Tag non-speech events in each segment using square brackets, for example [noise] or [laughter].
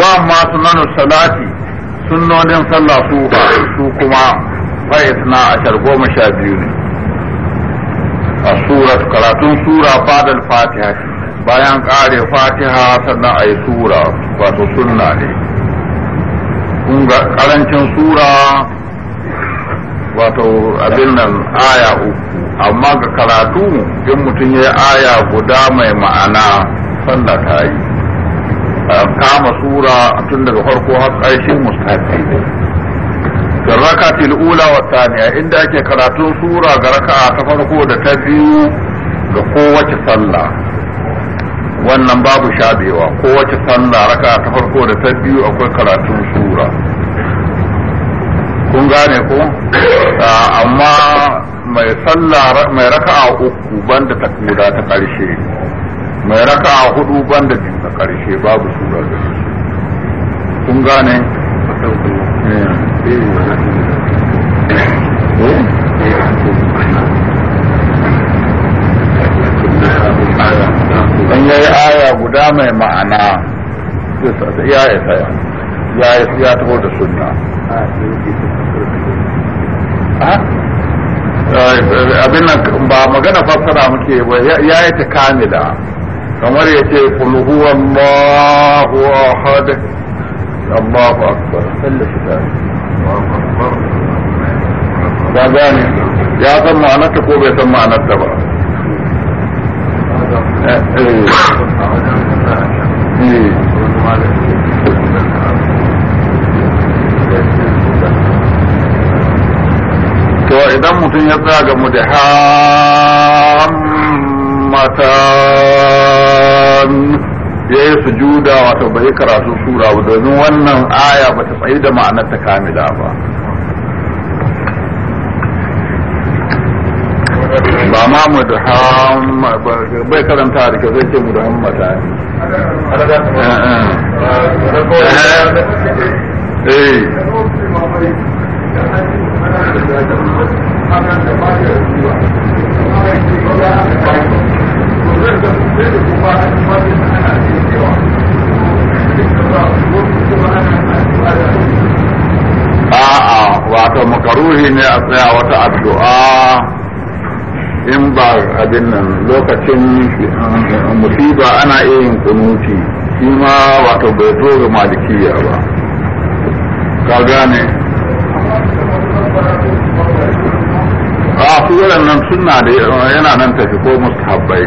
wa ma sunanu salati sunnonin sallah su ba su kuma fa a ashar goma sha biyu ne a sura karatun sura fadal fatiha bayan kare fatiha sannan a yi sura wato sunna ne kun ga karancin sura wato abin nan aya uku amma ga karatu in mutum ya aya guda mai ma'ana sallah ta yi kama sura tun daga farko har ƙarshe mustahabi ne da rakatil ula wa thaniya inda ake karatun sura ga raka'a ta farko da ta biyu ga kowace sallah wannan babu shabewa kowace sallah raka'a ta farko da ta biyu akwai karatun sura kun gane ko [coughs] ah, amma mai sallah mai raka'a uku banda ta ta ƙarshe mai raka a hudu banda a na karshe babu ba da su kun gane An eh. yayi aya guda mai ma'ana ya yi tsaya ya yi ya taho da sunna eh, abin nan ba magana fassara muke ba ya yi ta kamila kamar ya ce kul huwa Allahu ahad Allahu akbar sallashi ta ba gane ya san ma'anarta ko bai san ma'anarta ba to idan mutum ya tsaga mu da ham matan ya yi sujuda wato bai yi karatu sura ba domin wannan aya ba ta tsayi da ma'anar ta kamila ba ba ma mu da bai karanta da kyau sai ce mu da hammata ne eh, eh. Eh. a'a wato makaruhi ne a tsaya wata addu'a in ba abin nan lokacin musiba ana iya yin kunuti shi ma wato bai zo ga malikiya ba ka gane a su nan suna da yana nan tafi ko Habbai.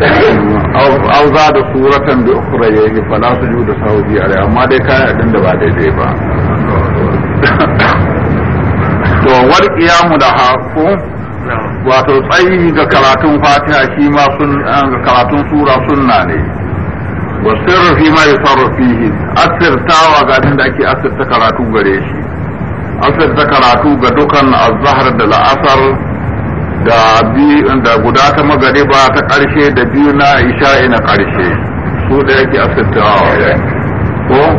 au za da suratan bi ukhra yayi fala sujudu sahwi alai amma dai kayan abin da ba daidai ba to wal qiyamu da haku wato tsayi ga karatun fatiha shi ma sun ga karatun sura sunna ne wa sirru fi ma yusarru fihi asirtawa ga abin da ake asirta karatu gare shi asirta karatu ga dukan azhar da la'asar da biyu da guda ta ba ta ƙarshe da biyu na isha'i na ƙarshe su da yake a ko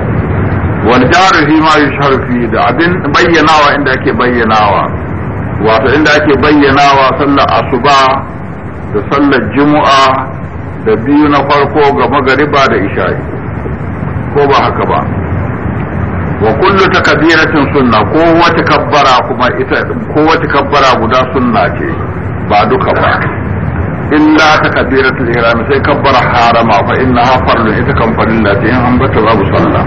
wani jarufi ma yi sharfi da abin bayyanawa inda ake bayyanawa wato inda ake bayyanawa sallar asuba da sallar jimu'a da biyu na farko ga magariba da isha'i ko ba haka ba wa kullu takbiratin sunna ko wata kabbara kuma ita ko wata kabbara guda sunna ce ba duka ba illa takbiratul ihram sai kabbara harama fa innaha farlu ita kan farilla ce in an bata babu sallah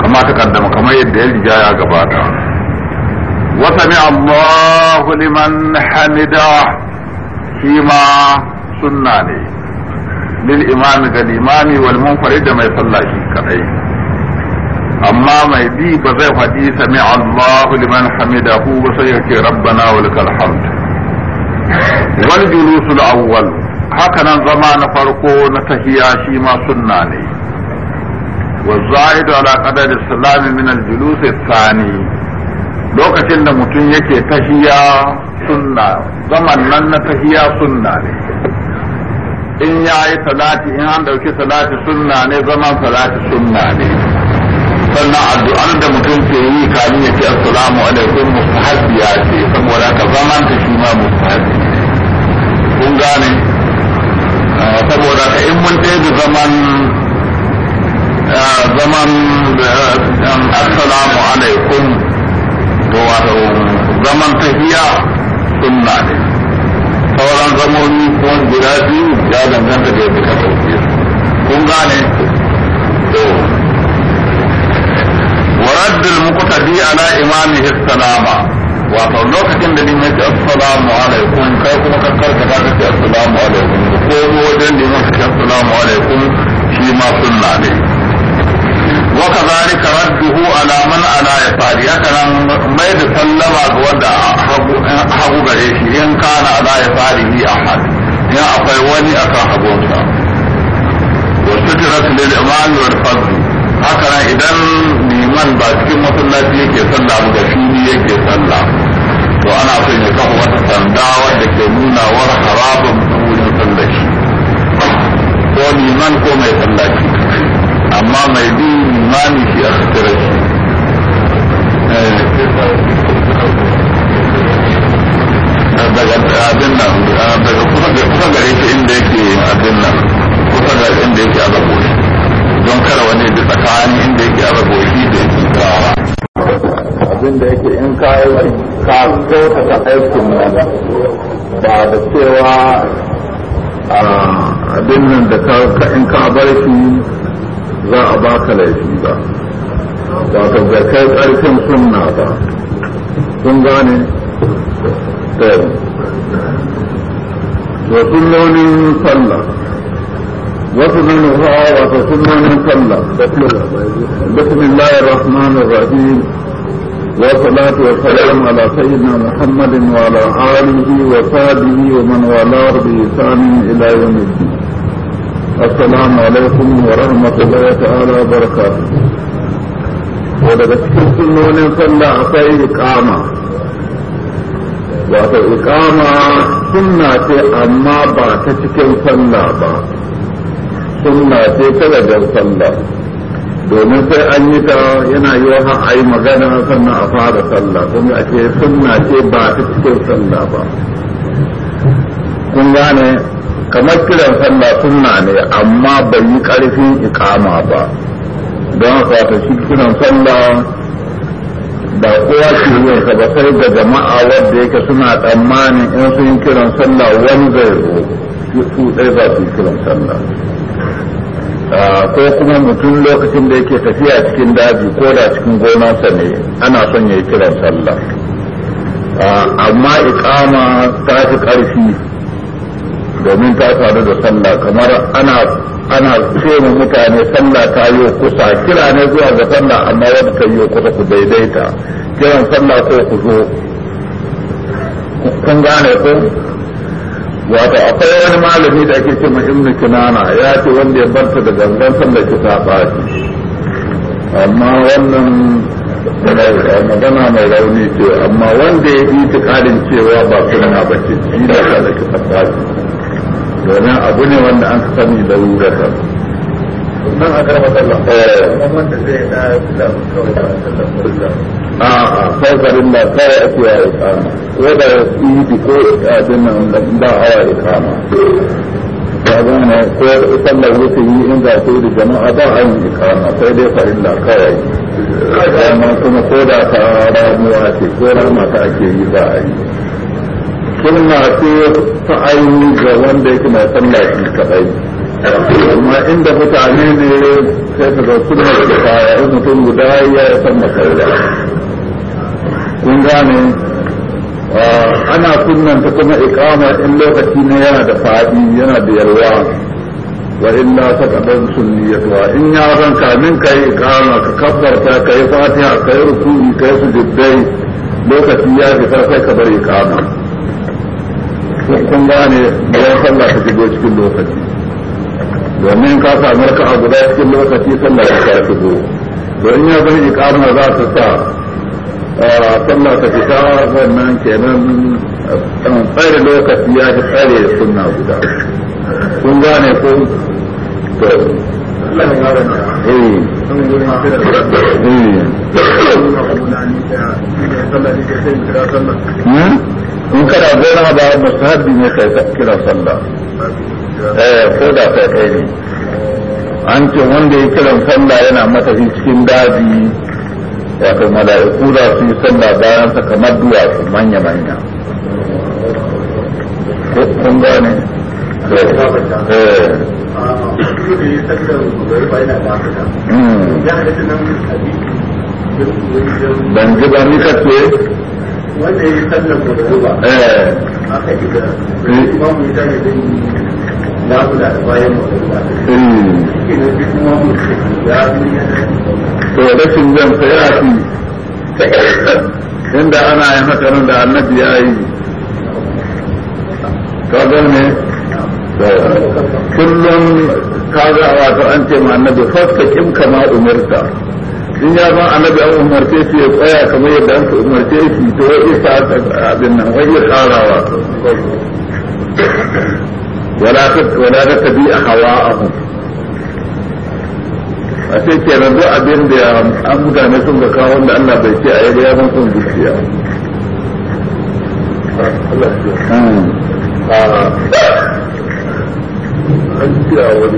kama ta kaddama kamar yadda ya riga ya gabata wa sami Allahu liman hamida shi ma sunna ne lil imami ga limami wal munfarid da mai sallah shi kadai amma mai bi ba zai faɗi sami Allahu liman hamidahu ba sai yake rabbana wa lakal hamd wal julusul awwal haka nan zama na farko na tahiya shi ma sunna ne wa zaidu ala qadar islam min al julus thani lokacin da mutum yake tahiya sunna zaman nan na tahiya sunna ne in yayi salati in an dauki salati sunna ne zaman salati sunna ne waɗannan addu'an da mutum ke yi kamin ya ce assalamu alaikum ce saboda ka ta shi ma mustahabbi kun gane eh, saboda ka in mun ɗaya da zaman eh, zaman eh, assalamu alaikum to wato zaman sunna ne sauran zamoni kuma guda biyu ya danganta da yadda ka ɗauke kun gane to ورد المقتدي على إمامه السلام wato lokacin da limin ce assalamu alaikum kai kuma kakkar ka baka ce assalamu alaikum da ko wajen limin ka ce assalamu alaikum shi ma sunna ne wa kadhalika radduhu ala man ala yasari haka nan mai da sallama ga wanda hagu gare shi in kana ala yasari a ahad in akwai wani a akan hagunsa wasu sutirat lil imam wal fadl haka nan idan man ba cikin masallaci yake sallah ba ga fili yake sallah to ana son ya kafa wata sanda wadda ke nuna war harabin wurin sallah ko liman ko mai sallaci amma mai bi limani shi a sutura shi eh. daga abin nan daga kusa gare shi inda yake abin nan kusa ga inda yake a zagoshi don kara wani bi tsakanin inda yake a raboki da yake kawo abin da yake in yi ka kyauta ta aikin nan ba da cewa abin nan da ka in ka bar shi za a baka laifi ba ba ka zarkai ƙarfin sunna ba sun gane da sunonin sallah وزن النهار من صلى بسم الله الرحمن الرحيم والصلاة والسلام على سيدنا محمد وعلى آله وصحبه ومن والاه بإحسان إلى يوم الدين السلام عليكم ورحمة الله تعالى وبركاته ولقد كنت من صلى أعطي إقامة وأعطي إقامة سنة أما بعد تشكي صلى بعد sunna ce ta gajar sallah domin sai an yi ta yana yi wa a yi magana sannan a fara sallah kun a ce sunna ce ba ta cikin sallah ba kun gane kamar kiran sallah sunna ne amma bai yi karfin ikama ba don haka ta shi kiran sallah ba kowa ke yin sa ba sai ga jama'a wadda yake suna tsammanin in sun kiran sallah wani zai zo su ɗaya za su kiran sallah Ah, ko kuma mutum lokacin da yake tafiya cikin daji ko da cikin gonarsa ne ana son ya yi kiran sallah ah, amma ikama ta fi ƙarfi domin ta faru da sallah kamar ana ana ce mu mutane sallah ta yi kusa kira ne zuwa ga sallah amma wanda ta yi kusa ku daidaita kiran sallah ko ku zo kun gane ko wato akwai wani malami da ake cewa ibn kinana ya ce wanda ya barta da gangan da ki ta baki amma wannan magana mai rauni ce amma wanda ya yi tukarin cewa ba sunna na bacci shi da da ki ta domin abu ne wanda an sani da wurata nan a garba sallah eh wanda zai da sallah kawai da sallah a'a sai garin da kai ake ya ikama wanda idi ko abin nan ba a ya ikama abin ne ko sallar wuce yi in za su da jama'a ba a yi ikama sai dai farilla kawai amma kuma ko da ta ramuwa ce ko rama ga wanda yake mai sallah inda mutane ne sai ka zauku da masu kaya in mutum guda ya san masaura kun gane ana sunanta kuma ikama in lokaci ne yana da faɗi yana da yalwa wa illa ta kaɗan sunniyatuwa in ya zan kamin ka yi ikama ka kabbarta ka yi fatiha ka yi rukuni ka yi sujuddai lokaci ya fita sai ka bari ikama kun gane bayan sallah ta shigo cikin lokaci domin ka samu raka a guda cikin lokaci sallah ta ta shigo domin ya zan kama za ta sa sallah ta fita wannan kenan tsare lokaci ya fi tsare suna guda kun gane ko to eh hmm? in kana zauna ba mustahabbi ne kai kira sallah eh ko da kai kai ne an ce wanda ya kiran sallah yana mata cikin daji wato mala'iku za su yi sallah bayan sa kamar duwatsu manya manya kun eh hmm. ban ji ba ni kace wanda ya sallar da ruba eh aka kika ya tare da nafila da bayan mutuwa hmm. shi ne duk imamu ya to rashin zan sai ya inda ana yin haka nan da annabi ya yi ka ne kullum ka ga wato an ce ma annabi fasta kim kama umarta in ya san annabi an umarce shi ya tsaya kamar yadda an umarce shi to ya isa abin nan wai ya tsarawa wala ta wala ta tabi a hawa'ahu a sai kenan duk abin da an mutane sun ga kawo wanda Allah bai ce a yadda ya san sun zuciya Allah ya an wani cewa su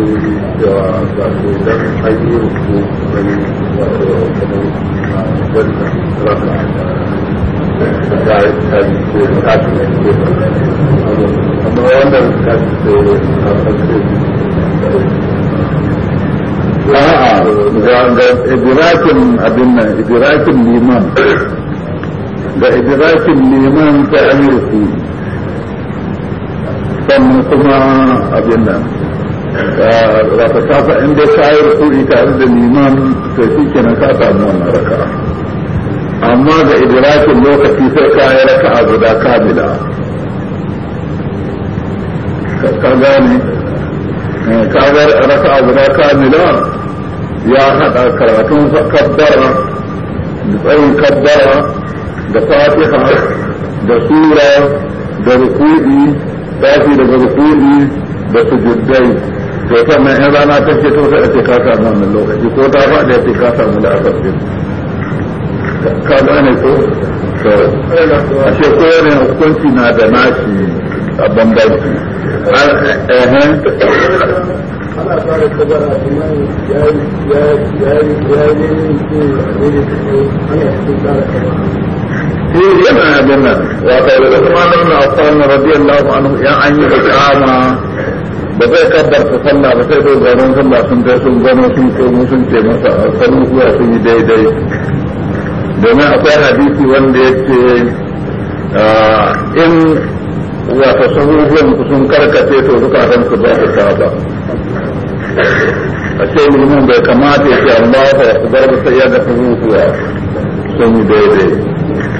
hanyar wato raka ta ko amma a kasance a'a ga ga idrakin abin nan idrakin liman ga idrakin liman ta amirku sannan kuma abin nan ta kafa in dai ka yi rukuri tare da liman to shi nan ka samu wannan raka amma ga idirakin lokaci sai ka yi raka a guda kamila ka gane eh, raka a guda kamila ya haɗa karatun kabbara da tsayin kabbara da fatiha da sura da rukuri tashi daga rukuni da sujuddai to sannan in rana ta ce to sai a ce ka samu wannan lokaci ko ta ba da ce ka samu la'asar din ka gane ko to a ce kowane hukunci na da nashi a bambanci ana fara a kuma ya yi ya yi ya yi ne ne ne ne ne ne ne ne ne ne yana abin nan wato da kuma nan na afan radiyallahu anhu an yi ikama ba zai kabbar ta sallah ba sai dai gaban sallah sun kai sun gano sun komo sun ce masa sanu zuwa sun yi daidai domin akwai hadisi wanda ya ce in wata ku sun karkace to zukatan su ba su saba a ce bai kamata ya ce Allah ta wasu garba sai ya ga sun yi daidai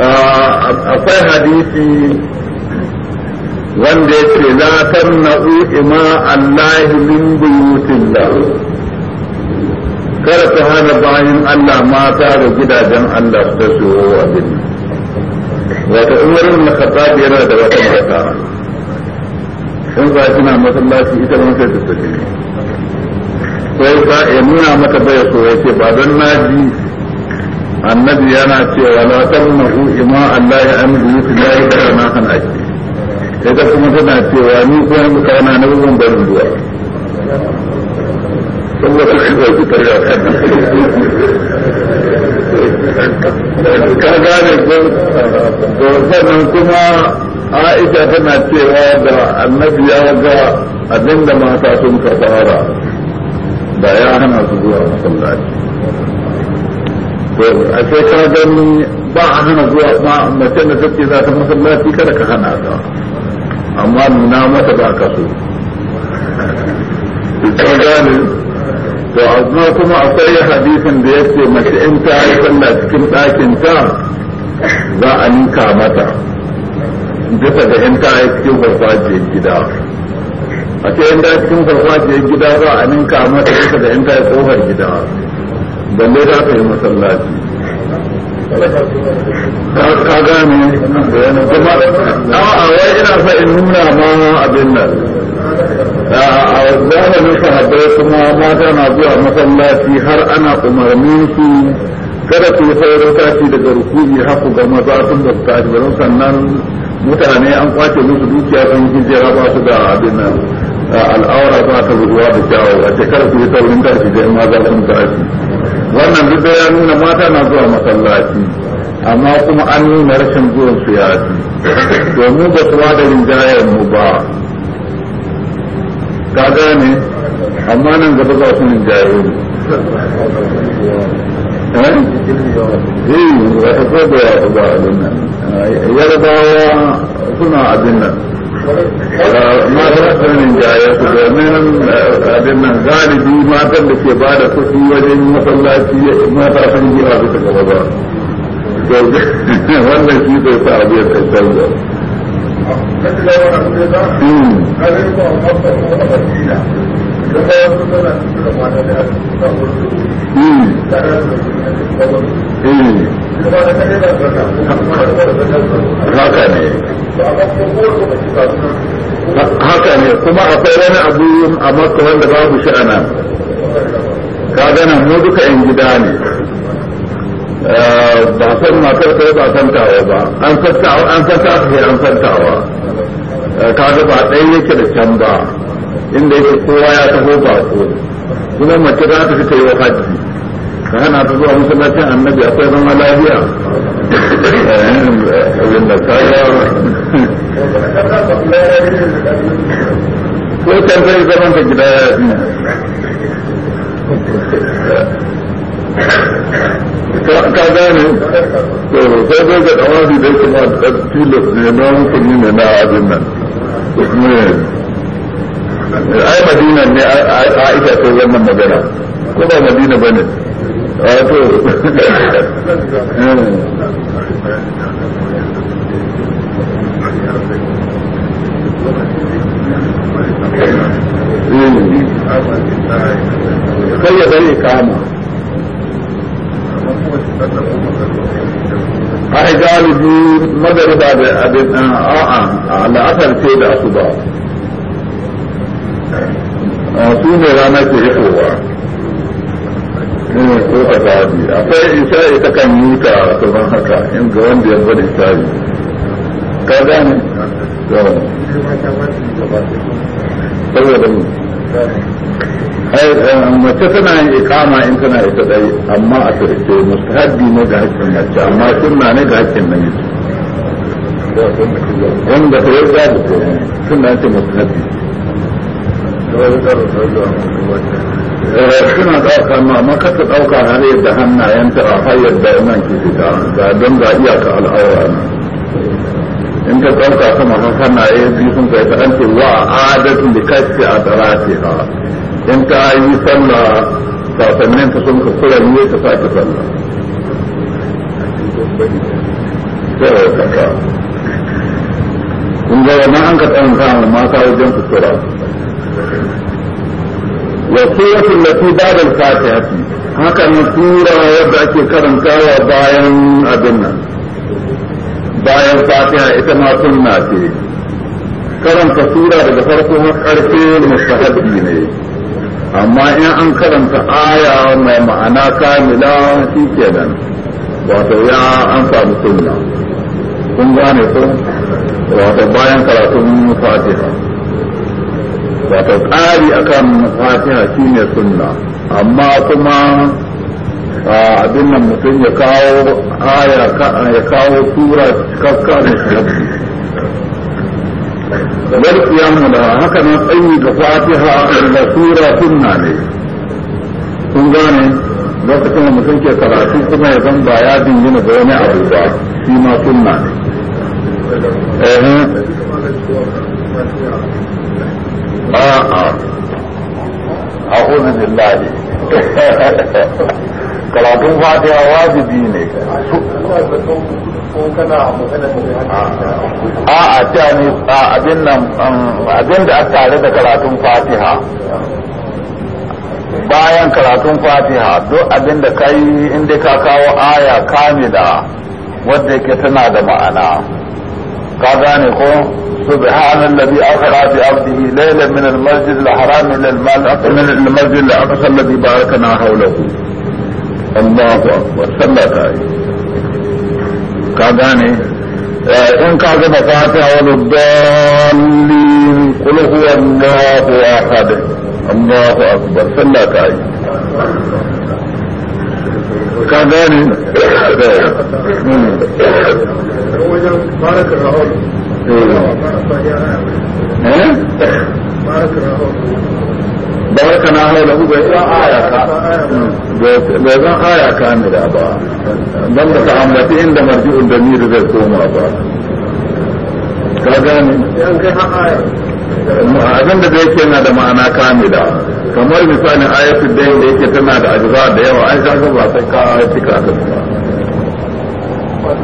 akwai hadisi wanda yake la tamna'u ima Allah min buyutillah kada ta hana bayan Allah mata da gidajen Allah su ta shigo abin wata umarin na khattabi yana da wata mata sun za kina masallaci ita ma sai ta tafi sai yi nuna mata bai so yace ba don naji annabi yana cewa la tamnahu ima Allah ya an biyu su da ya kana kan ake ita kuma tana cewa ni ko yanzu kana na bugun barin ruwa saboda shi ba ki tare ka gane ko sannan kuma Aisha tana cewa da annabi ya ga abinda mata sun ka ba da ya hana su zuwa masallaci a sai ka gani ba a hana zuwa ma mace da take za ta masallaci kada ka hana ta amma nuna mata ba ka so ka to amma kuma akwai hadisin da yake mace in ta yi sallah cikin ɗakin ta za a ninka mata bisa da in ta yi cikin farfajiyar gida a ce in ta yi cikin farfajiyar gida za a ninka mata bisa in ta yi tsohon gida balle za ka yi masallaci a zamanin sahabbai mata na zuwa masallaci har ana umarnin su kada yi tashi daga maza sun sannan mutane an kwace musu dukiya sun hijira ba da abin nan da kyawu a shekarar wannan duk da ya nuna mata na zuwa masallaci amma kuma an nuna rashin zuwan su domin ba su da rinjayen mu ba ka gane amma nan gaba za su rinjaye mu eh, eh da yarbawa suna abin nan mata sanin jaya su domin abin nan galibi matan da ke ba da kuɗi wajen masallaci mata sun yi a bisa gaba ba wannan shi zai sa abu ya kankan da Hmm. haka ne haka ne kuma akwai wani abu a maka wanda babu shi a nan ka gana mu duka yan gida ne eh, ba san matar kai ba san tawa ba an san tawa an san tawa an san tawa eh, kaga ba ɗaya yake da can ba inda yake kowa ya taho bako kuma mace za ta fita yi wa hajji ka hana ta zuwa masallacin annabi akwai zama lafiya eh, ko can zai zaman ta gida ya fi ka gane to sai zai ga dawari da kuma tilas ne na hukumi ne na abin nan madina ne aisha ta wannan magana ko ba madina bane ne wato kai ya bari kama ai galibi magariba da abin a'a la'asar ce da asuba su ne rana ke rikowa ne eh, ko a zaɓi akwai isa'i ta kan yi ta kamar haka in ga wanda ya bada isa'i ka gane saboda mu eh, mace tana yin ikama in tana ita dai amma a shirke mustahabbi ne ga hakkin mace amma sunna ne ga hakkin namiji wanda ta yarda da komai sunna ce mustahabbi suna ɗauka ma makasa ɗauka har yadda hannayen ta har yadda nan ke fita ga don ga iyaka al'aura na in ta ɗauka sama har hannaye biyu sun kai ta ce wa adatun da kashi a tsarati ha in ta yi sallah sasannin ta sun kusura ne ta sake sallah kun ga wannan an ka tsananta mata wajen kusura والسورة التي بعد الفاتحة haka nan tura yadda ake karantawa bayan abin nan bayan fatiha ita ma sunna ce karanta tura daga farko har karfe mustahabbi ne amma in an karanta aya mai ma'ana kamila shi kenan wato ya an samu sunna kun gane ko wato bayan karatun fatiha wato ƙari akan fatiha shine sunna amma kuma abin nan mutum ya kawo aya ya kawo tura cikakka da shafi bar kiyamu da haka nan tsayi ga fatiha da tura sunna ne kun gane lokacin da mutum ke karatu kuma ya zan ba ya dingina da wani abu ba shi ma sunna ne a'a a'udhu billahi [laughs] karatun fatiha wajibi ne a'a ta ne abin nan um, abin da aka tare da karatun fatiha bayan karatun fatiha duk abin da ka yi inda ka kawo aya kamila wadda yake tana da ma'ana قال ko سبحان الذي أخرى بعبده ليلا من المسجد الحرام إلى من المسجد الأقصى الذي باركنا حوله الله أكبر صلى تعالى كاغاني آه، إن قاد فاتحة وللضالين قل هو الله أحد الله أكبر صلى تعالى كاغاني wajen barak rahol barak na haula ku bai san aya ka bai san aya ka ne da ba dan da ambaci inda da damir zai koma ba ka gane ha aya abin da yake yana da ma'ana kamida kamar misalin ayatul da yake tana da ajza da yawa ai ga ba sai ka cika ka ba ne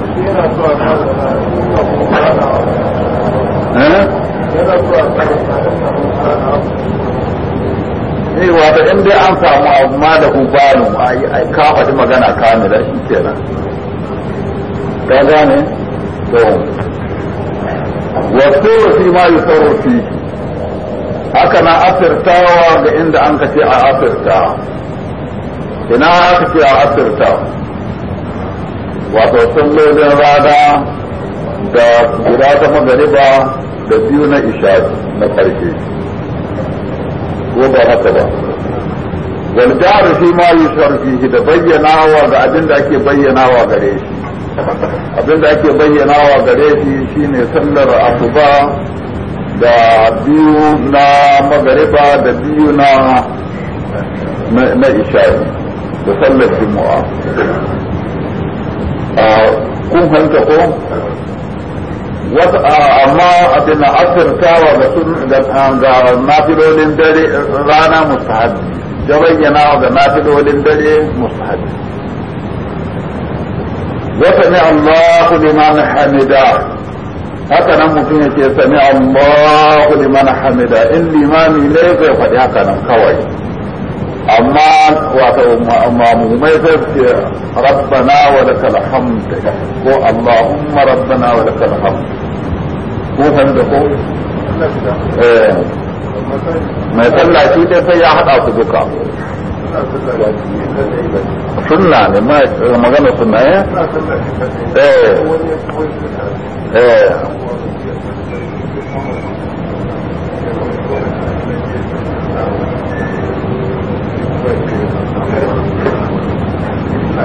eh, wato in dai an samu abu ma da hubanu a ka faɗi magana kamila shi ke nan ta gane to wato fi ma yi tsoro fi haka na afirtawa ga inda an ka a afirta ina aka ce a afirtawa wato sallolin rana da guda ta magariba da biyu na isha na ƙarfe ko ba haka ba wal jaru ma yi fihi da bayyanawa ga abin da ake bayyanawa gare shi abin da ake bayyanawa gare shi shine sallar asuba da biyu na magariba da biyu na na isha da sallar jumu'a kun fahimta ko amma abin na asirtawa ga sun ga nafilolin dare rana mustahabi da bayyana ga nafilolin dare mustahabi wata ne Allahu liman hamida haka nan mutum yake sami Allahu liman hamida in limani ne zai faɗi haka nan kawai أما أما مميزة ربنا ولك الحمد يحبو اللهم ربنا ولك الحمد هو فندقو إيه. ما يقول لا شيء ده في أحد أصدقاء سنة يعني، لما لما قالوا سنة إيه إيه, إيه.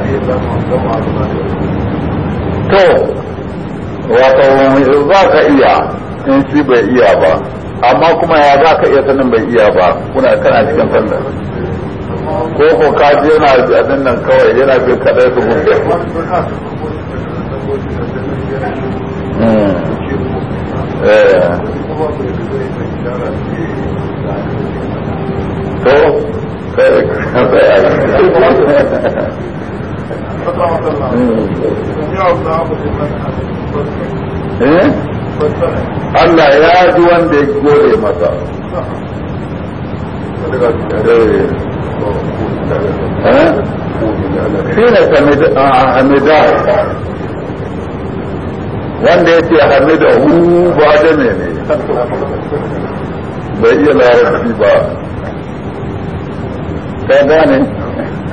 to za ka iya in shi bai iya ba amma kuma ya za ka iya sanin bai iya ba kuna kana cikin sallar ko ko ka je yana abin nan kawai yana bi kadai su hmm. eh. to [laughs] Eh? Allah ya ji wanda ya gore masa eh? shi ne ah, hamida wanda ya ce hamida hu ba da ne ne bai iya larabci ba ka gane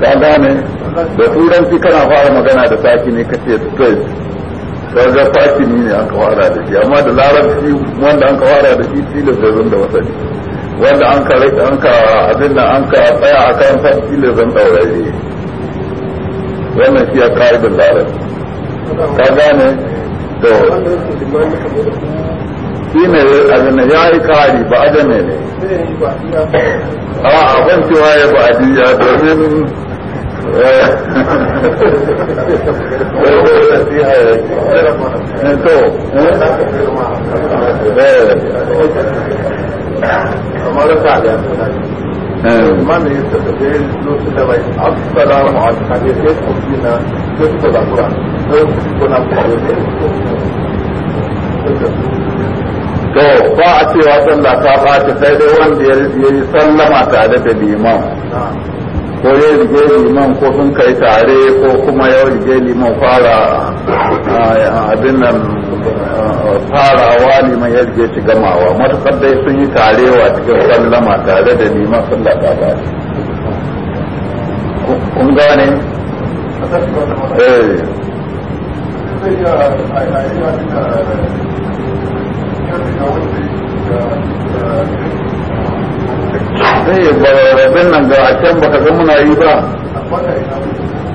ka gane da turanci kana fara magana da saki ne ka ce stress kaga saki ne an kawara da shi amma da larabci wanda an kawara da shi tilas da zan da wasali wanda an ka an ka abin nan an ka tsaya a kan sa tilas zan ne wannan shi ya kai da larabci ka gane to shine abin ya yi kari ba da ne ne a abin cewa ya ba adiya domin من يستفيد فلوس اللي أكثر عن حاجات يدخل فينا يدخل أقرأ يدخل أقرأ to ba a cewa sallah ta ɓaci sai dai wanda ya yi sallama tare da liman ko ya rige liman ko sun kai tare ko kuma ya rige liman fara abin nan farawa liman ya rige shi gamawa matuƙar dai sun yi tarewa cikin sallama tare da liman sallah ta ɓaci kun gane eh zai ba rabin nan ga a can baka ga muna yi ba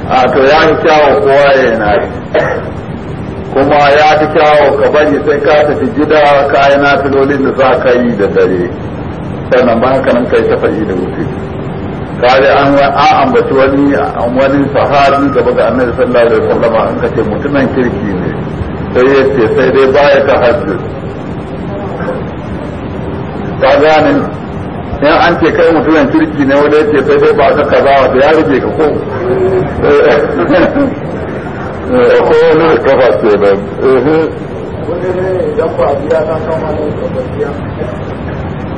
a to ya fi kyawo kowa ya na yi kuma ya fi kyawo ka bari sai ka tafi gida ka yi na filolin da za ka yi da dare sannan ba haka nan kai tafa yi da wuce kare an ambaci wani wani sahabi gaba ga annabi sallallahu alaihi wasallam an kace mutumin kirki ne sai ya ce sai dai baya ta hajji ka gane in an ce kai mutumin kirki ne wanda yake sai dai ba ka kaza wa ya rage ka ko eh, ko wani kafa ce ba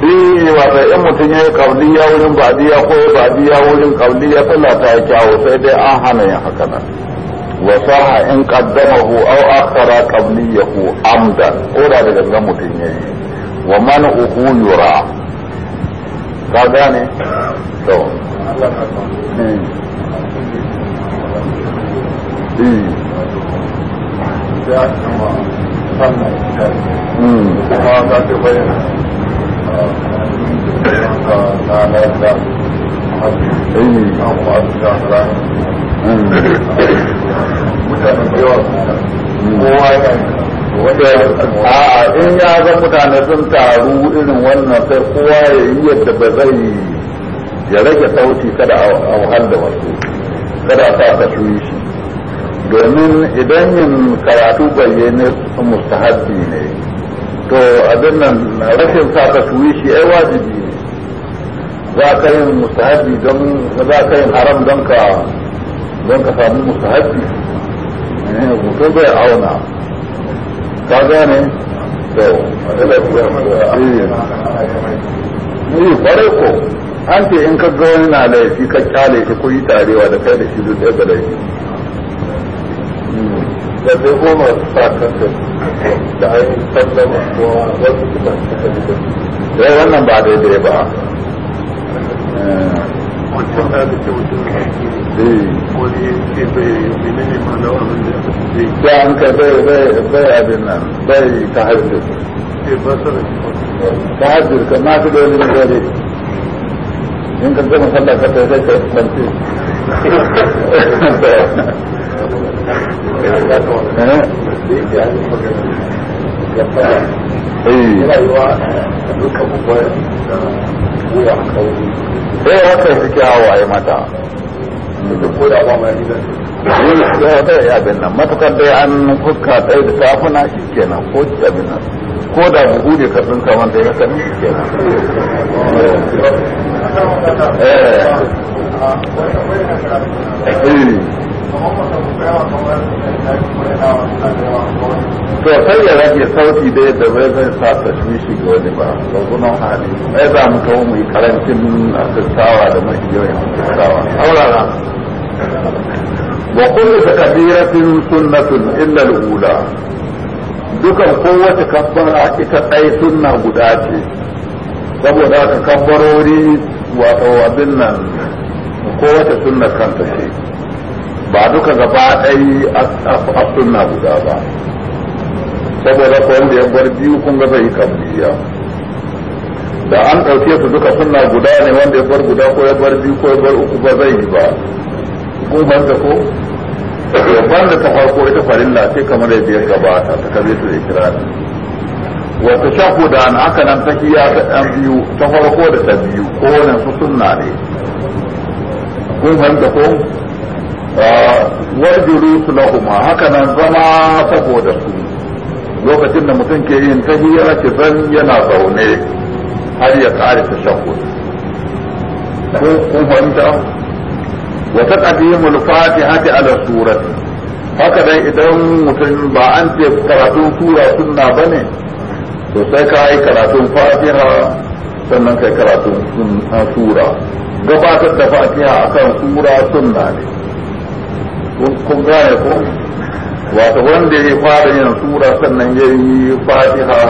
Eh, eh wata in mutum ya yi kauliya wurin badiya ko ya badiya wurin kauliya sallah ta kyawu sai dai an hana yin haka nan wasaha in qaddamahu aw akhara qawliyahu amdan ko da daga mutum ya yi ومن أخو يرى قاداني تو mutanen da yawa kowa yana a'a in ya ga mutane sun taru irin wannan sai kowa ya yi yadda ba zai ya rage sauti kada a wahal da wasu kada a sa shi domin idan yin karatu bayyane mustahabbi ne to abin nan rashin sa shi ai wajibi ne za ka yin mustahabbi don za ka yin haram don ka don ka samu ne mutum eh, bai auna ka gane to yi eh, kwarai ko an ce in ka ga wani na laifi ka kyale shi ko yi tarewa da kai da shi duk ɗaya laifi da zai goma sa kanta da ainihin sallama ko wasu kusan da wannan ba daidai ba eh. mutum da ce mutum ya ko ne ce bai mene ne ma da abin da zai ya an ka bai bai bai abin nan bai ta hajjir ce ba su da ta hajjir ka ma fi da wani gari in ka zama sallah ka ta zai ka banci ya ta wani eh wata eh, suke mata ya eh, bin nan matukar dai an fuska da shi kenan ko nan ko da buhu ya kan shi kenan eh, eh. to sai ya rage sauti da yadda bai zai sa shi ga wani ba gwargwadon hali ai za mu kawo mu yi karancin asistawa da mafi yawan asistawa aurara wa kullu takbiratin sunnatun illa al-ula dukan kowace kabbara ita ɗai sunna guda ce saboda ka kabbarori wato abin nan kowace sunna kanta ce ba duka gaba ɗai a sunna guda ba saboda ko wanda ya bar biyu kun ga zai kabliya da an ɗauke su duka sunna guda ne wanda ya bar guda ko ya bar biyu ko ya bar uku ba zai yi ba kun ban da ko ban da ta farko ita farilla sai kamar yadda biyar gaba ta kabe su da ikirani wata shafu da an aka nan ta kiya ta ɗan biyu ta farko da ta biyu ko wani su sunna ne kun ban da ko waljulusu lahuma haka nan zama saboda su lokacin da mutum ke yin ta hira ki zan yana zaune har ya kare ta shakku ko kun fahimta wa ta qadimul haka ala surati haka dai idan mutum ba an ce karatun sura sunna bane to sai ka yi karatun fatiha sannan kai karatun sura gabatar da fatiha akan sura sunna ne kun gane ko wato wanda ya fara yin sura sannan ya yi fatiha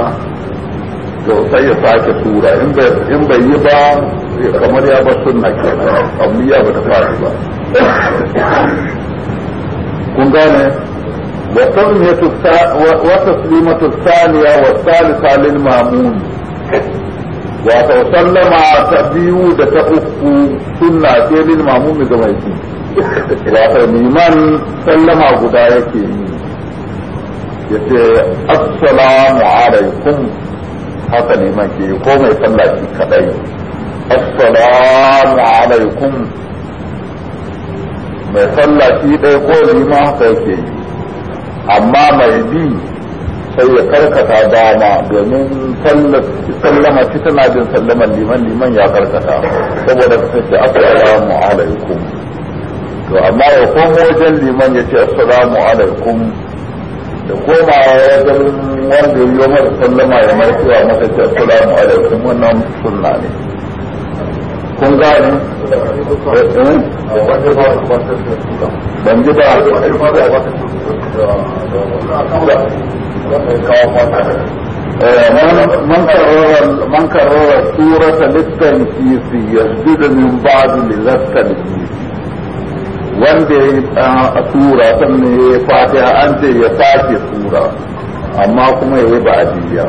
to sai ya sake sura in bai yi ba kamar ya ba sunna ke amma ya ba ta fara ba kun gane wata tasmiyatu wa wa thalitha lil mamun wato sallama ta biyu da ta uku sunna ce lil mamun ga mai wata liman sallama guda yake yi ya ce assalamu alaikum haka liman ke yi ko mai sallaci kadai assalamu alaikum mai sallaci ɗaya ko liman haka yake yi amma mai bi sai ya karkata dama domin sallama fitina tana jin sallaman liman liman ya karkata saboda ta ce assalamu alaikum to amma ya komo wajen liman ya ce assalamu alaikum da koma wajen wanda yi yomar sallama ya markewa masa ce assalamu alaikum wannan sunna ne kun gani ban ji ba من كرر السورة للتنكيس يسجد من بعد للتنكيس wanda ya yi tura sannan ya yi fatiha an ce ya sake tura amma kuma ya yi ba'adiyya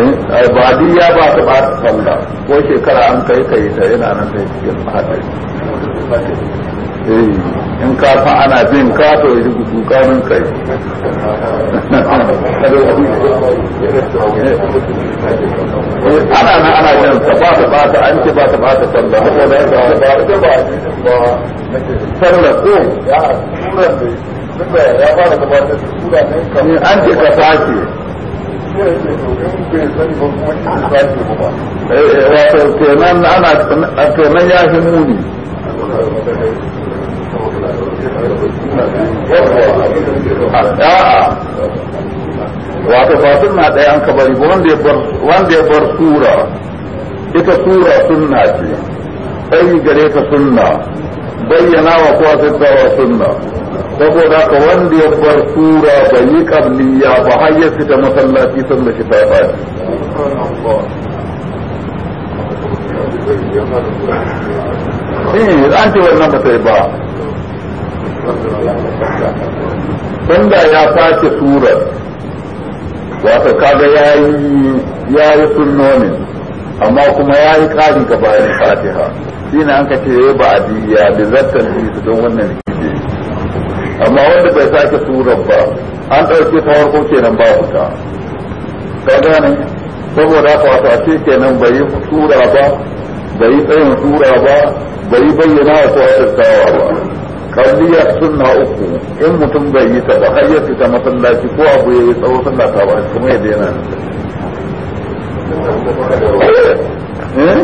eh, ba'adiyya ba ta ba ta sallah ko shekara an kai kai ta yana nan da cikin hadari eh. in ka fa ana bin ka to yi rubutu kanun kai ana na ana jan ta ba ta ba ta an ce ba ta ba ta sallah ko da ba ta ba ba sallah ko ya ya ba da ba ta sura ne kamar an ce ka sake eh, eh, wato kenan ana kenan ya fi muni a'a wato ba sunna ɗaya an ka bari wanda ya bar sura ita sura sunna ce sai gare ta sunna bayyana wa kowa tattawa sunna saboda ka wanda ya bar sura bai yi kabliya ba har ta fita masallaci sun da shi ta eh an wannan ba sai ba banda ya sace surar wato kaga ya yi ya yi sunnonin amma kuma ya yi ƙari ga bayan fatiha shi ne an ka ce eh, ya ba adiyya da zartan su don wannan rikice amma wanda bai sake surar ba an ɗauke ta farko kenan ba fita kaga nan saboda haka wata ce kenan bai yi tura ba bai yi tsayin tura ba bai yi bayyana wa tawatartawa ba kalliya sunna uku in mutum bai yi ta ba har ya ta masallaci ko abu ya yi tsawo sallah ta ba kuma ya daina eh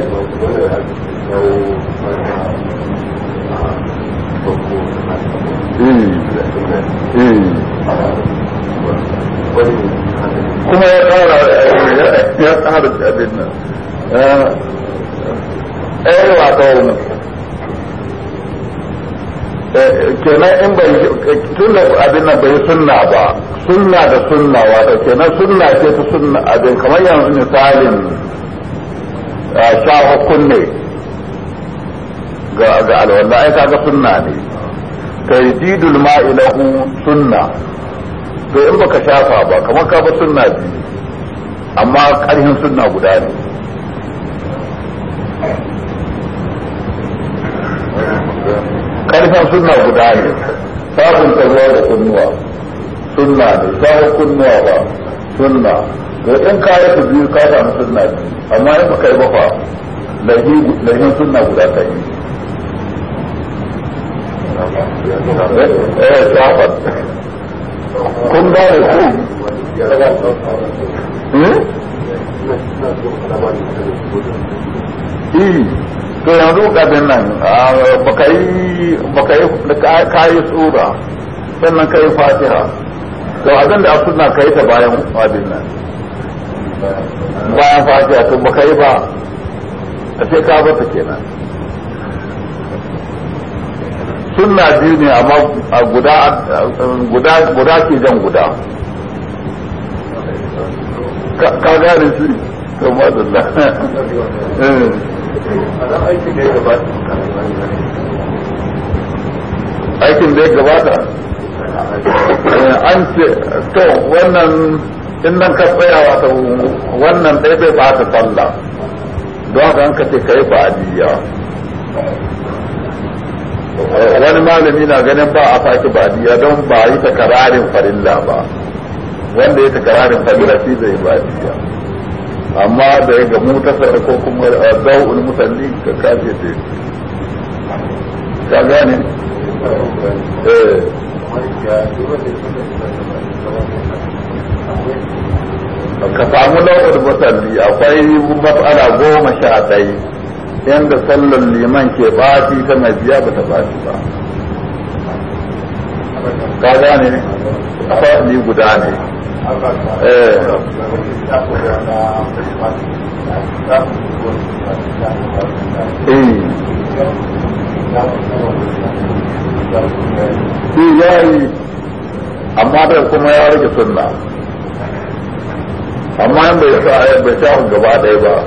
eh kuma ya ƙara ya ƙara abin nan ɗaya eh, eh, wato eh, kenan in bai tun da abin nan bai sunna ba sunna da sunna wato kenan sunna ce ta sunna abin kamar yanzu misalin ah, sha hukun ne ga alwala ai kaga sunna ne tajidul ma'ilahu sunna to in baka shafa ba kamar ka bar sunna biyu amma ƙarfin sunna guda ne ƙarfin sunna guda ne sabon ruwa da kunnuwa sunna ne sabon kunnuwa ba sunna to in ka yi su biyu ka samu sunna biyu amma in baka yi bafa fa lahin sunna guda ta yi eh shafa kun ba da ku hmm? to yanzu kafin nan baka yi ka yi tsura sannan ka yi fatiha to abin da suna ka yi ta bayan abin nan bayan fatiha to baka yi ba a sai ka bata kenan sunna biyu ne amma guda ke jan guda ka gane to madalla [laughs] eh. aikin da ya gabata eh, an ce to wannan in nan ka tsaya wata wannan ɗaya bai ba ta don haka an ka ce ka yi ba wani malami na ganin ba a faki badiya don ba yi takararin farilla ba wanda ya takararin farilla shi zai badiya amma da ya gamu ta ko kuma eh, dau'ul musalli ka kace ta ka gane eh ka samu dau'ul musalli akwai matsala goma sha ɗaya inda sallar liman ke bati ta mai biya ba ta bati ba ka gane ni guda ne eh. Eh. ya yi amma da kuma ya rage sunna amma in bai sa gaba ɗaya ba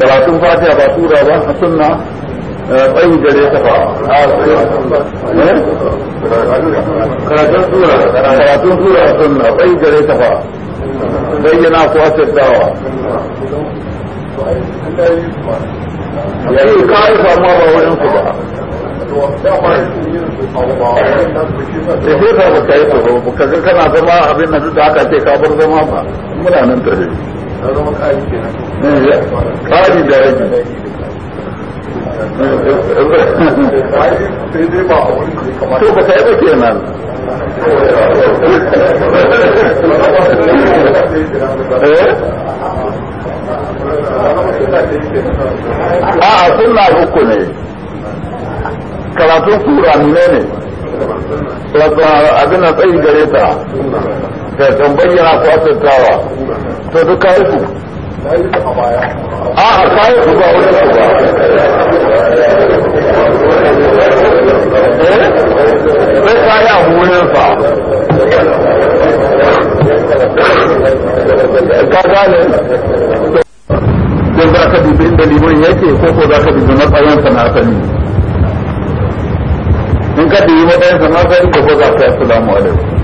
karatun fatiha ba sura ba a sunna eh, tsayi gare ta ba karatun sura a sunna tsayi gare ta ba bayyana ko asirtawa yayi ka haifa ma ba wurin ku ba da ba ka yi tsoro ka kana zama abin da duk da aka ce ka zama ba muna nan tare ƙari da rage to ba ta yi kenan eh? a'a sunna uku ne karatun ne ne abin na tsayi gare ta ta bayyana to duk kayi ku a a kayi ku ba wani ku ba eh? sai kayi a wurin fa ka gane ko za ka dubi inda limon yake ko ko za ka dubi matsayinsa na sani in ka dubi matsayinsa na sani ko ko za ka yi assalamu alaikum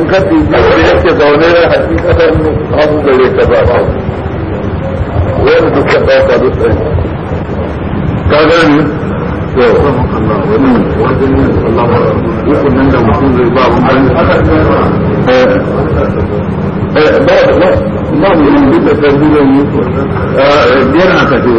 ان کا تیسرا بیس کے دورے میں حقیقت ہے ان کو کام کے لیے کر رہا ہوں وہ بھی دکھ کا پیسہ دوسرے کارن بہت بہت میں یہ بھی تصویر ہوں دیر نہ سکے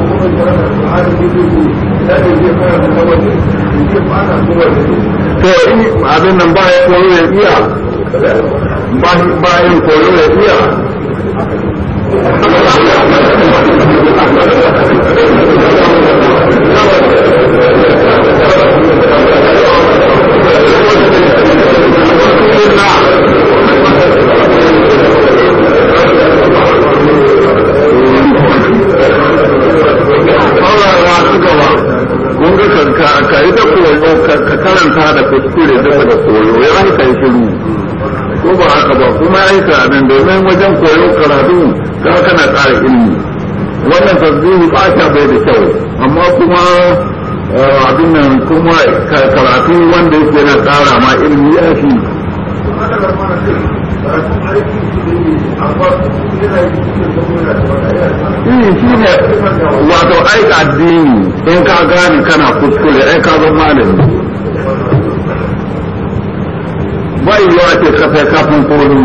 to in abin nan ba ya koyo ya iya ba yin koyo ya iya [laughs] sata bai da kyau amma kuma eh, abin nan kuma karatu wanda yake yana tsara ma ilimi ya fi eh, shi ne wato aika addini in ka gane kana kuskure ai ka zama malami bai yawa ce ka sai kafin komi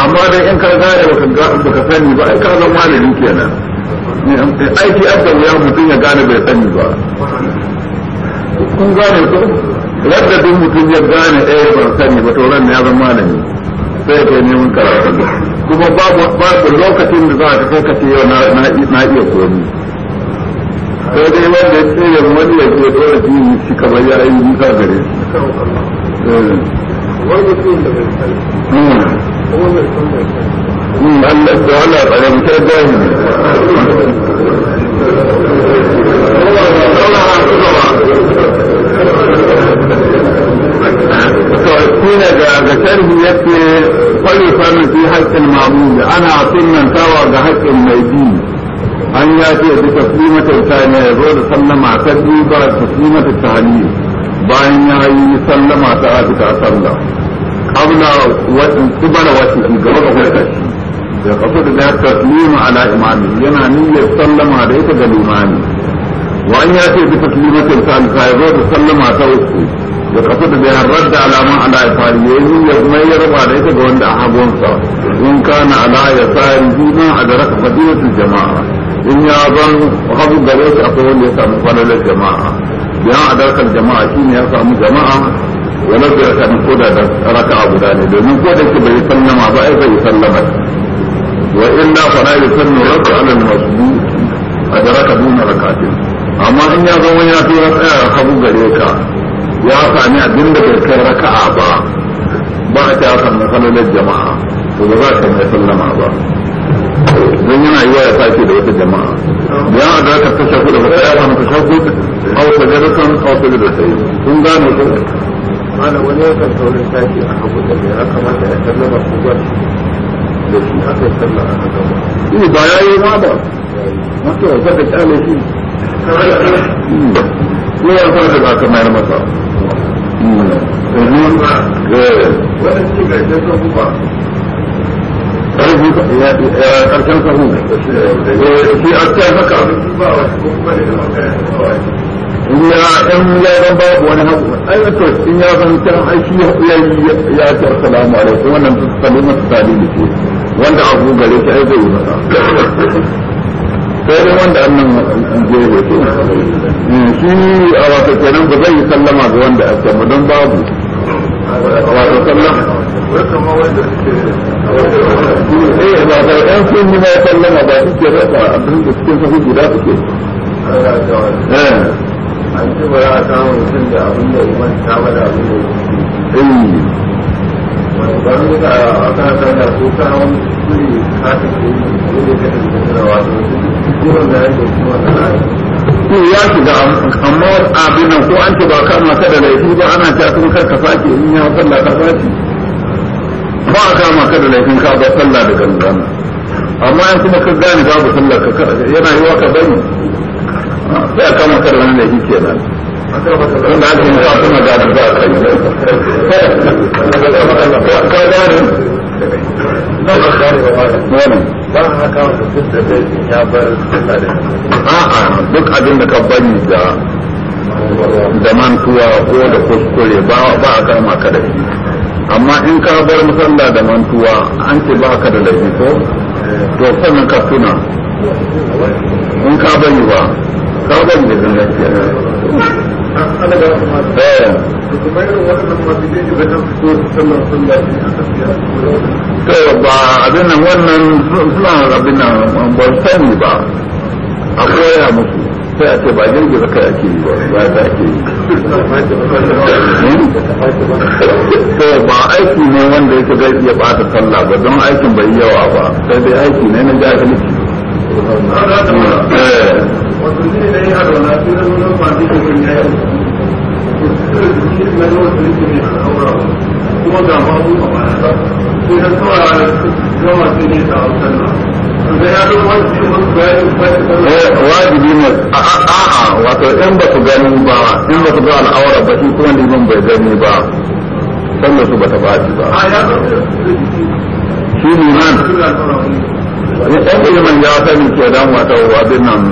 amma dai in ka gane baka sani ba ai ka zama malami kenan aiki abda a mutum ya gane bai sani ba kun gane ko wadda duk mutum ya gane eh ban sani ba to ran ya zama malami sai ya kai neman karatu kuma babu babu lokacin da za ka kai ka ce yau na iya komi sai dai wanda ya tsere wani ya ke dole shi shi kamar ya yi nisa gare shi eh. wani mutum da bai sani kuma hmm. bai hmm, Allah ya tsare mu sai gani lafiya duk tasirin mata ta ne ya zo da sallama ta biyu ba tasirin mata ta hanyar bayan ya yi sallama ta aji ta salla kamuna wasu kubara wasu su gaba ga kwaya kashi da kafa da ya tasirin ala imani yana niyyar sallama da ita ga limani wani ya ce duk tasirin mata ta ne ya zo da sallama ta uku da kafa da ya radda alaman ala imani ya yi kuma mai yarba da ita ga wanda a hagunsa in kana ala ya sa yanzu na a da raka fadiyar jama'a in ya zan hagu gare shi akwai wanda ya samu kwanalar jama'a biyan adarkar jama'a shi ne ya samu jama'a wani da ya samu koda da raka a guda ne domin ko da ke bai sallama ba ya bai sallama wa illa fa la yusannu raka da al-masbu adraka dun rakatin amma in ya wani ya tura tsaya hagu gare ka ya sami abin da bai kai raka'a ba ba a ta samu kwanalar jama'a to ba za ka sallama ba don yana yi wa ya sake da wata jama'a ya a da ka ta shafu da wata ya samu ta shafu a wata jaratan a wata jaratan sun gane ko mana wani yakan saurin tashi a hagu da mai ya kamata ya sallama da shi aka yi a hagu ba ya yi ma ba mata wata ka kyale shi ko ya fara da aka mayar masa domin wani ƙarshen sahu ya ɗan ya ɗan babu wani haku ai to in ya san can ai shi ya ya ce assalamu alaikum wannan kalimar salimi ce wanda abu gare shi ai zai yi masa sai dai wanda annan jere ce shi a wata kenan ba zai yi sallama ga wanda a can don babu wato sallama eh yi sallama ba su ke rasa ce ya a ta ko wani yi shiga amma abin nan ko an ce ba kan masa da laifi ba ana ta kuma kar ka in ya wasan da ka faki ba a kama ka da laifin ka ba sallah da gangan amma in kuma ka gane babu sallah ka yana yi sai a kama ka da wani laifi kenan wanda yi kuma ba a kai ka a'a duk abin da ka da da mantuwa ko da kuskure ba a kama ka da shi amma in ka bar musalla da mantuwa an ce ba ka da laifi ko to sannan ka tuna in ka bari ba ka bari da zan lafiya eh. to ba abin nan wannan suna abin nan ba sani ba a koya musu sai a ce ba jirgin zaka ake yi ba ba ta ake yi to ba aiki ne wanda yake zai iya bata sallah ba don aikin bai yawa ba sai dai aiki ne na jahilci eh. Eh. kuma ga babu a baya sai da tsawa da gama ne ta sallah Eh, wajibi ne a'a wato in ba su gani ba in ba su ga al'aura ba shi kuma liman bai gani ba sannan su ba ta ba shi liman ɗan ilimin ya sani ke dan wata abin nan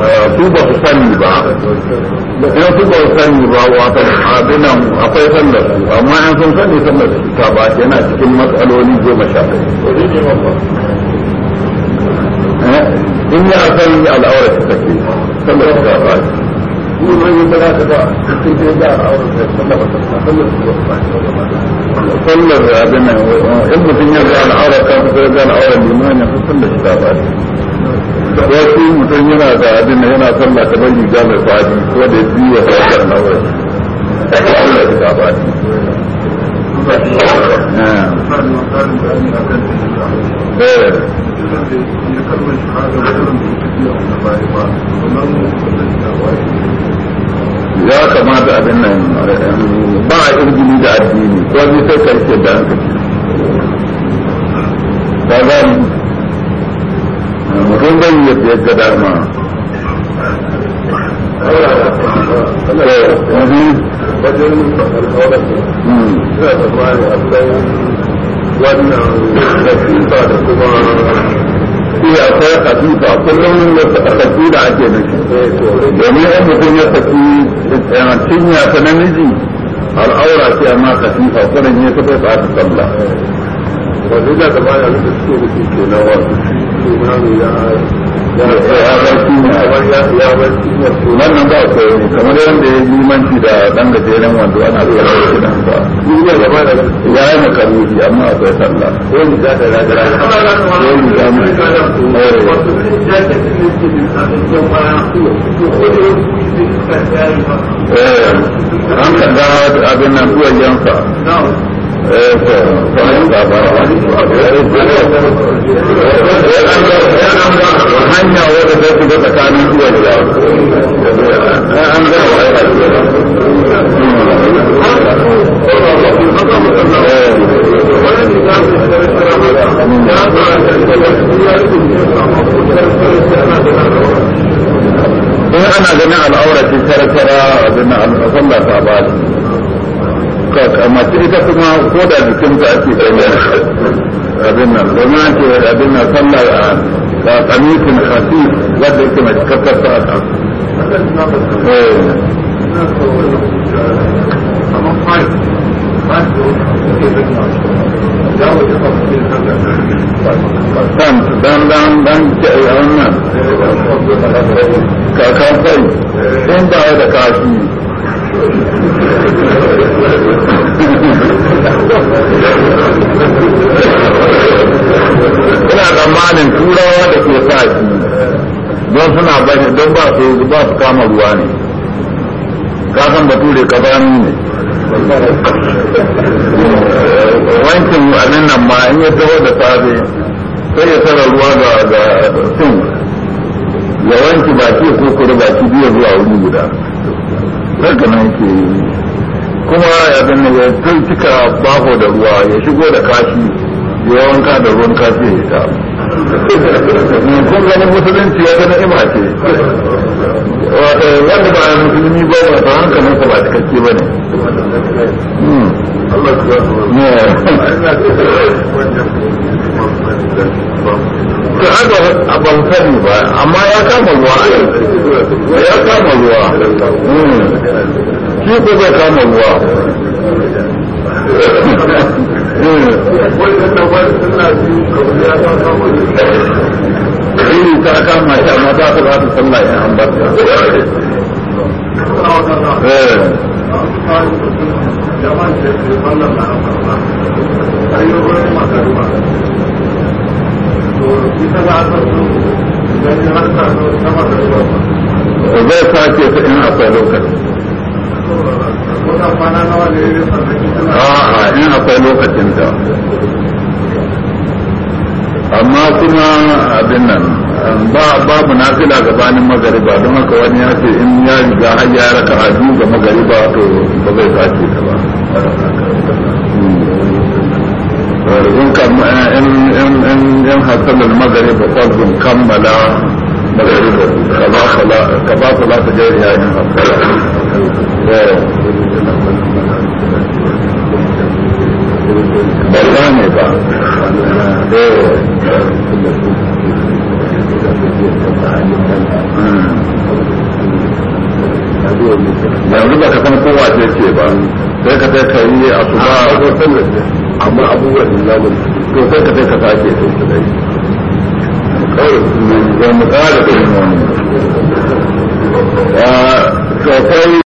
eh, su ba su sani ba in su ba su sani ba wata abin nan akwai sallar su amma in sun sani san sallar su ta ba yana cikin matsaloli goma sha ɗaya إن أعطيني على عورة التكليف صلى الله عليه وسلم قولوا لي ثلاثة بقى تكليف على عورة صلى الله عليه وسلم ابن تيمية على عورة كان تكليف على عورة الإيمان يقول صلى الله عليه وسلم wasu mutum yana da abin da yana sallah ta bari ga mai fadi ko da biyu ya fara na wani da ya fara da fadi ya kamata abin nan ba a irgini da addini ko ni sai ba mutum yi yadda ga dama eh, wajen alkawarar suna da mara akwai wannan latifa da kuma iya akwai latifa kullum wasu ƙarfafi da ake nufi domin yan mutum ya saki cinya ta namiji al'aura ce amma katifa kullum ya kafa ba ta sallah wanda da mara da suke da ke kenan wasu shi ne ya wannan ba ko ne kamar yadda ya yi manci da dan gajeren wando ana zuwa da shi nan ba duk da gaba da ya yi makaruri amma akwai sallah ko ni da da da ko ni da mu eh an kan da abin nan uwayen fa hanya wadda ta shiga tsakanin zuwa da an gama ana ganin al'auratin tara-tara abin na al'asalla ta ba ɗauka mace ita kuma ko da jikin ta ake sanya abin nan domin ake abin nan sallar a kamisin hasi wadda yake mai cikakkar ta aka dan dan dan dan ce a wannan kakan sai don ba da kashi ina tsammanin turawa da ke sa shi don suna bashi don ba su ba su kama ruwa ne kasan bature ka bani ne wankin abin nan ma in ya taho da safe sai ya tara ruwa ga ga sun ya wanki baki ko kuri baki biyu zuwa wuri guda daga nan ke kuma ya zama ya cika baho da ruwa ya shigo da kashi ya wanka da ruwan kashi ya ta. kun ganin musulunci ya gana ima ce wata wanda ba ya musulmi ba ba ta hankalin sa ba cikakke ba ne hmm. ka aga ban sani ba amma ya kama ruwa ya kama ruwa hmm. shi ko bai kama ruwa Iri hmm. ta kama shi amma ta ta ta sallah ya zai sace ta in akwai lokaci a'a in akwai lokacin ta amma kuma abin nan babu nafila gabanin magariba don haka wani ya ce in ya riga har ya raka a ga magariba to ba zai sace ta ba in kam eh, in in in in hasal al-maghrib fard kammala maghrib kaza sala kaza sala ta jari ya ne hasal balla ne ba eh. hmm. yanzu ba ka san kowa ce ba sai ka sai ka yi a su ah, ba amma abubuwan da zamu to sai ka sai ka sake sai ka dai kawai mu ƙara da wani